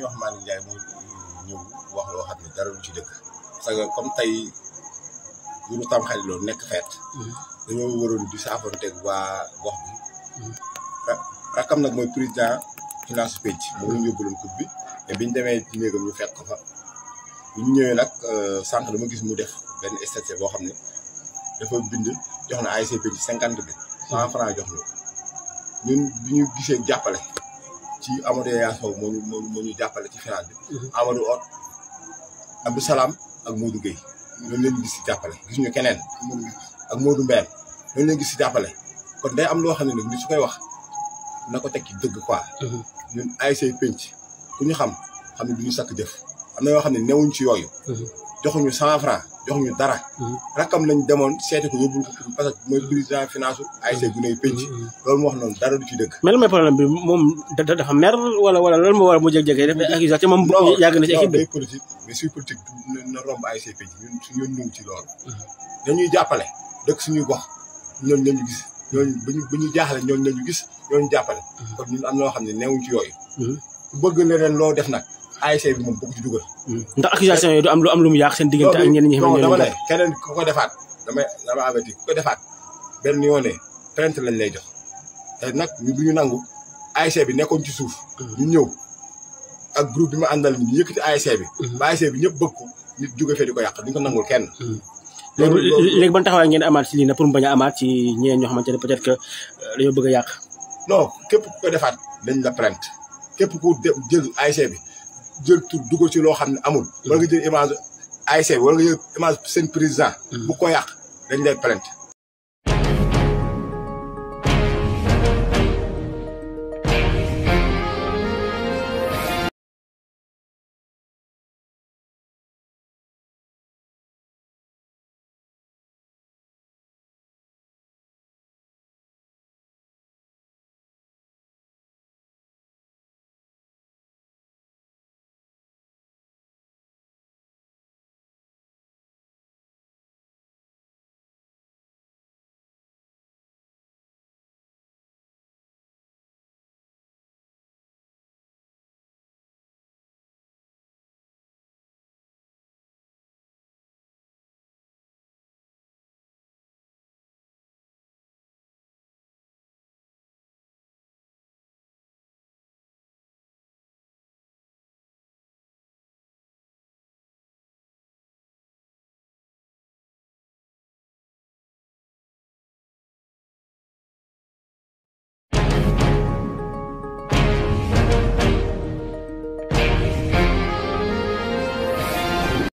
ñuy wax Malick Ndiaye mu ñëw wax loo xam ne dara lu ci dëkk parce que comme tey juru tam xel loolu nekk feet dañoo waroon di teg waa gox bi rakam nag mooy président finance penc moom lañu yóbbuloon coupe bi mais biñ demee ci néegam ñu fekk ko fa bu ñu ñëwee nag euh, sant dama gis mu def benn statut boo xam ne dafa bind jox na ASC penc cinquante bi cent franc jox na bi ñu gisee jàppale ci Amadou Yaya moo ñu moo ñu jàppale ci finale bi. Mhm. Amadou Hott Abdou Salam ak Modou Gueye. ñooñu leen gis si jàppale gis ñu keneen. ak Modou Mbène ñooñu leen gis si jàppale. kon day am loo xam ne nag ni su koy wax na ko teg dëgg quoi. Mhm. ñun ay say penc ku ñu xam xam ne du ñu sakk jëf am na yoo xam ne newuñ ci yooyu. Mhm. joxuñu cent franc joxuñu dara. rek mm-hmm. rakkam nañ demoon seeti ko yóbbuñu ko parce que mooy président finance ay say mm-hmm. yi penc. Mm-hmm. loolu moo wax noonu dara du ci dëgg. mais lan mooy problème bi moom dafa mer wala wala loolu moo waral mu jékki-jékki def ay accusation moom. yàgg na ci équipe bi politique mais suy politique du na romb ay say penc ñun suñu yëngu ci loolu. dañuy jàppale dëkk suñuy gox ñooñu lañu gis ñooñu bu ñu bu ñu jaaxle ñooñu lañu gis ñooñu jàppale. am loo xam ne neewuñ ci yooyu. ku bëgg leneen loo def nag. ASC bi moom bëgg ci dugal. ndax accusation yooyu du am lu am lu mu yàq seen diggante ak ñenn ñi xam ne dama ne keneen defaat damay dama averti ku ko lañ lay jox te nag ñu nangu ASC bi nekkoon ci suuf ñu ñëw ak groupe bi ma àndal ñu yëkkati ay bi mhm. ba ASC bi ñëpp bëgg ko nit jóge fee di ko yàq duñ ko nangul kenn mhm. léegi léegi ban taxawaay ngeen amaat si lii na pour mu bañ a amaat ci ñeneen ñoo xamante ne peut-être que euh, dañoo bëgg a yàq non képp ko defaat dañ la plainte képp ku jël ASC bi jël tur dugal ci loo xam ne amul. wala nga jël image ASC e wala nga jël image seen président. Mm. bu ko yàq dañ lay plainte.